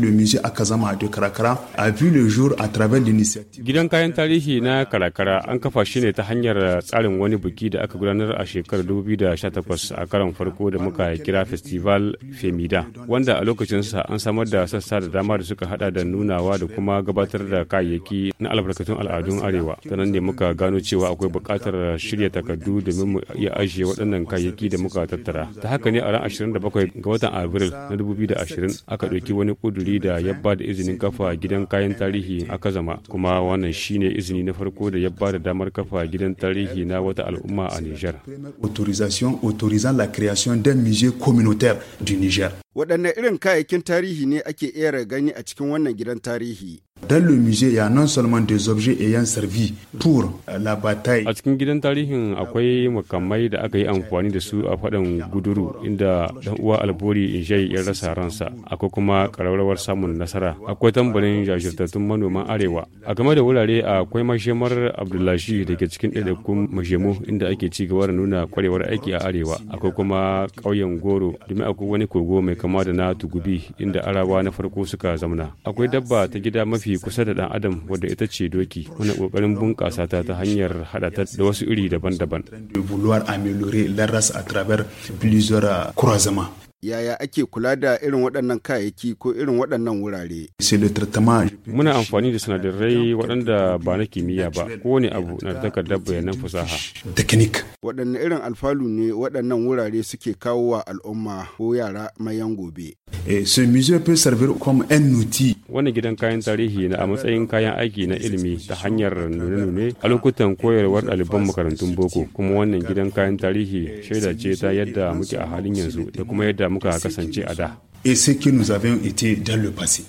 le musée Akazama de Karakara a vu le jour à travers l'initiative. Gidan kayan tarihi na Karakara an kafa shi ne ta hanyar tsarin wani biki da aka gudanar a shekarar 2018 a karon farko da muka kira Festival Femida wanda a lokacin lokacinsa an samar da sassa da dama da suka hada da nunawa da kuma gabatar da kayayyaki na albarkatun al'adun arewa. Sannan ne muka gano cewa akwai buƙatar shirya takardu domin mu iya ajiye waɗannan kayayyaki da muka tattara. Ta haka ne a ran 27 ga watan Abril na 2020 aka ɗauki wani kudu. muhalli da ya ba da izinin kafa gidan kayan tarihi aka zama kuma wannan shine izini na farko da ya ba da damar kafa gidan tarihi na wata al'umma a niger. Autorisation autorisant la création d'un musée communautaire du Niger. Waɗanne irin kayayyakin tarihi ne ake iya gani a cikin wannan gidan tarihi? Dans le musée, il y a non seulement des objets ayant servi pour euh, la bataille. A cikin gidan tarihin akwai makamai da aka yi amfani da su a faɗan guduru inda dan uwa Albori Injai ya rasa ransa. Akwai kuma ƙararrawar samun nasara. Akwai tambarin jajirtattun manoman Arewa. A game da wurare akwai mashemar Abdullahi da ke cikin ɗaiɗaikun mashemu inda ake ci gaba da nuna kwarewar aiki a Arewa. Akwai kuma ƙauyen Goro domin akwai wani kogo mai kama da na Tugubi inda Arawa na farko suka zamana Akwai dabba ta gida mafi kusa da ɗan adam wadda ita ce doki muna ƙoƙarin bunƙasa ta ta hanyar haɗa ta da wasu iri daban-daban. Euh, yaya ake kula da irin waɗannan kayayyaki ko irin waɗannan wurare. Muna amfani da sinadarai waɗanda ba na kimiyya ba kowane abu na takardar bayanan fasaha. Waɗanne irin alfalu ne waɗannan wurare suke kawo wa al'umma ko yara mayan gobe. ce musée peut servir comme un outil wannan gidan kayan tarihi na a matsayin kayan aiki na ilimi ta hanyar nune-nune a lokutan koyarwar ɗaliban makarantun boko kuma wannan gidan kayan tarihi shaida ce ta yadda muke a halin yanzu da kuma yadda muka kasance a da. Et ce que nous avions été dans le passé.